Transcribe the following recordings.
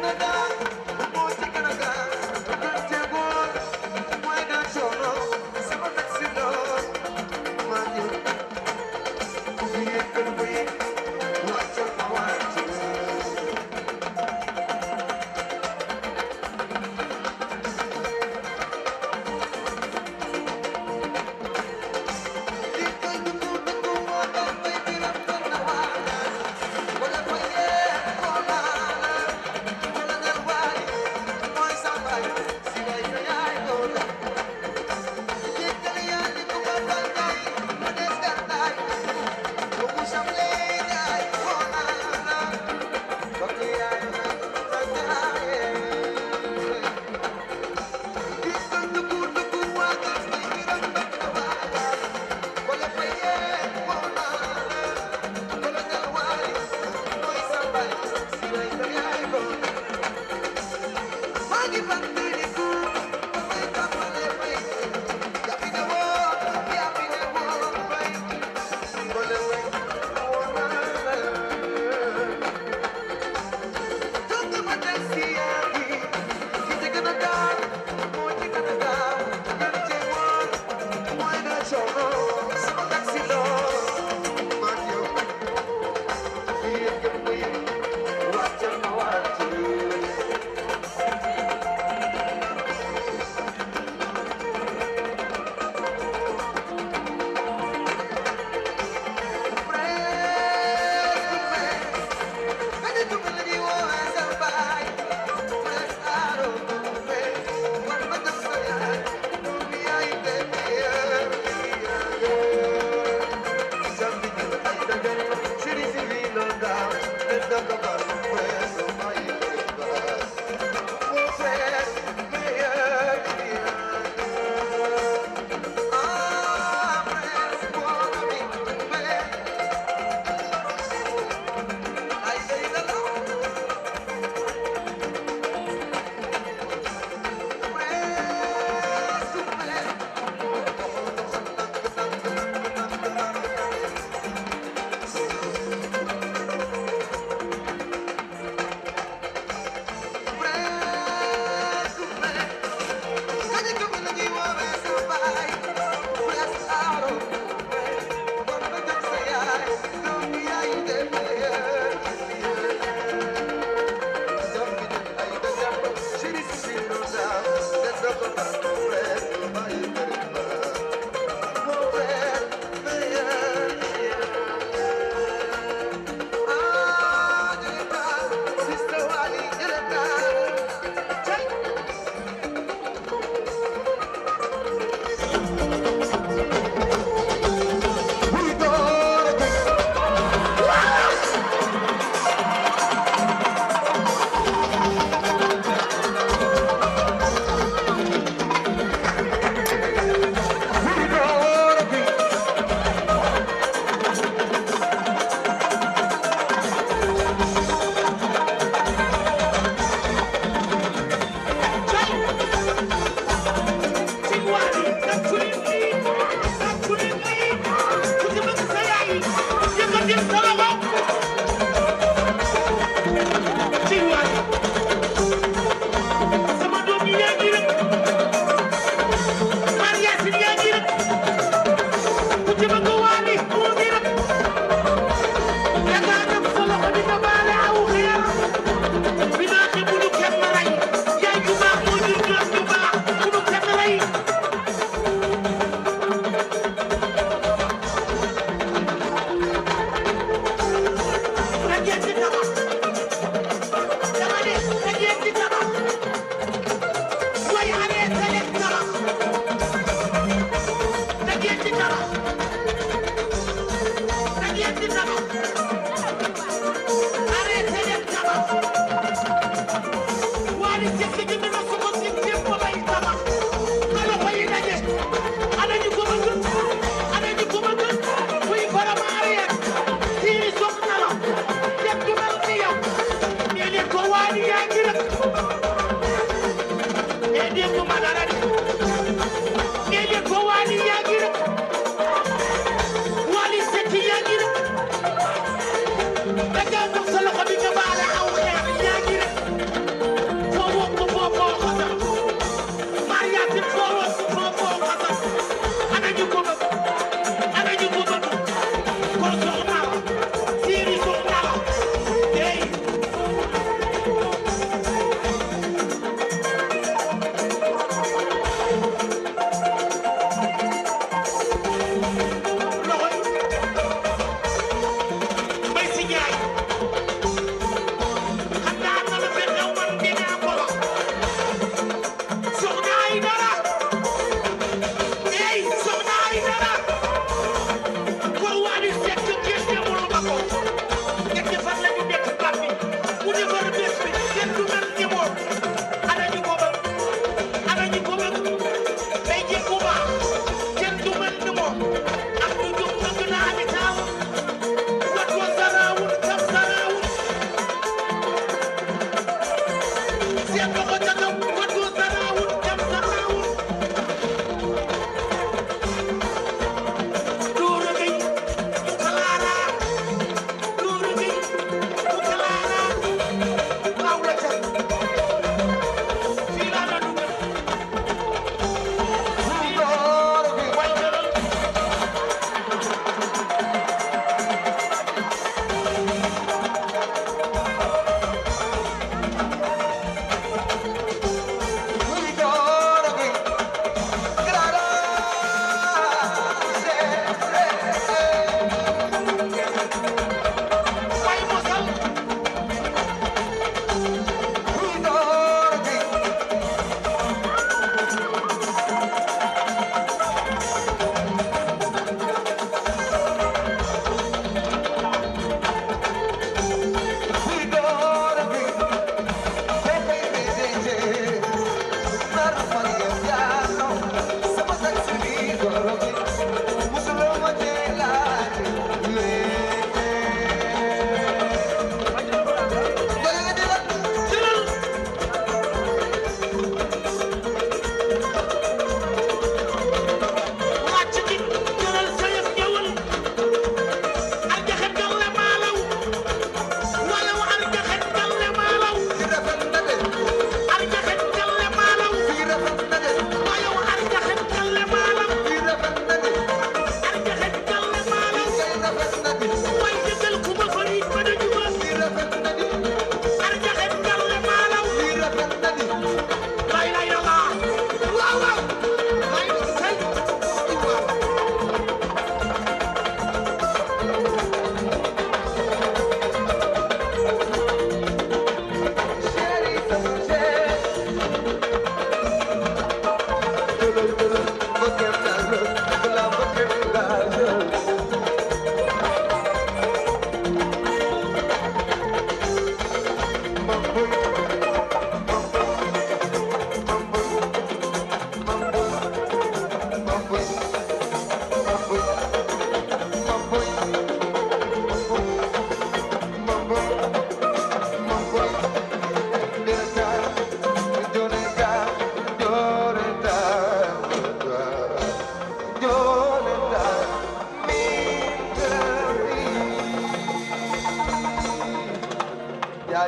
gonna die.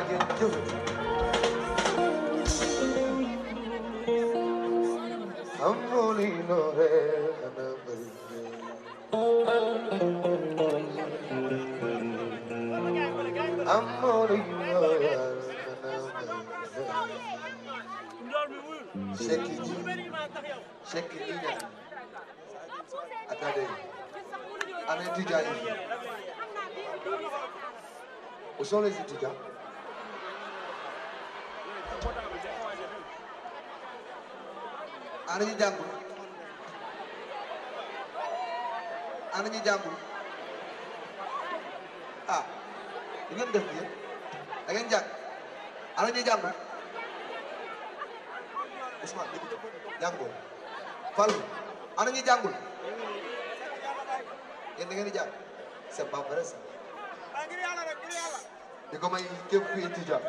laa ngeen jëf am booli noore ana bari am booli noore ana bari sekki ji sekki ji attendez ana étudiants yi où sont les étudiants ana ñu jàngul ana ñu jàngul ah li ngeen def nii da ngeen jàng ana ñu jàngul Ousmane jàngul Fallou ana ñu jàngul yéen da ngeen di jàng c'est pas vrai ça di ko may képp kuy étudiant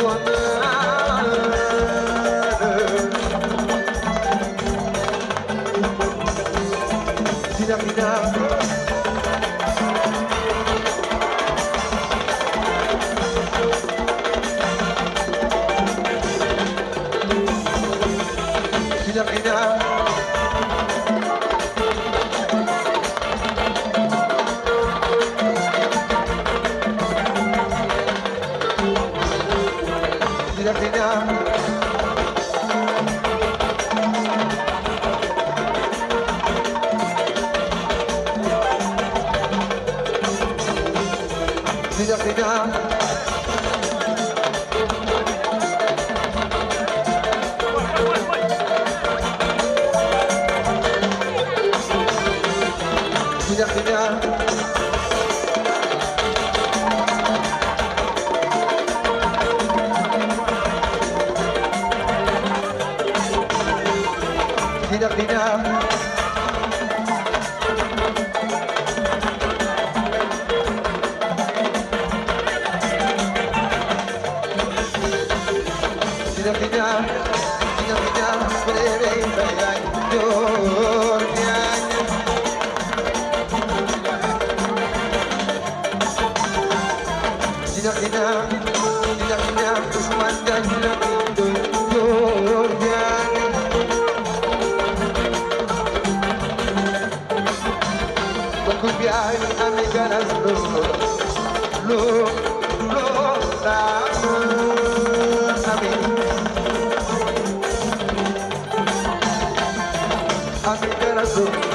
woon يا خدام Sidi Khidja Thank you.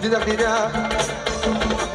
dina dina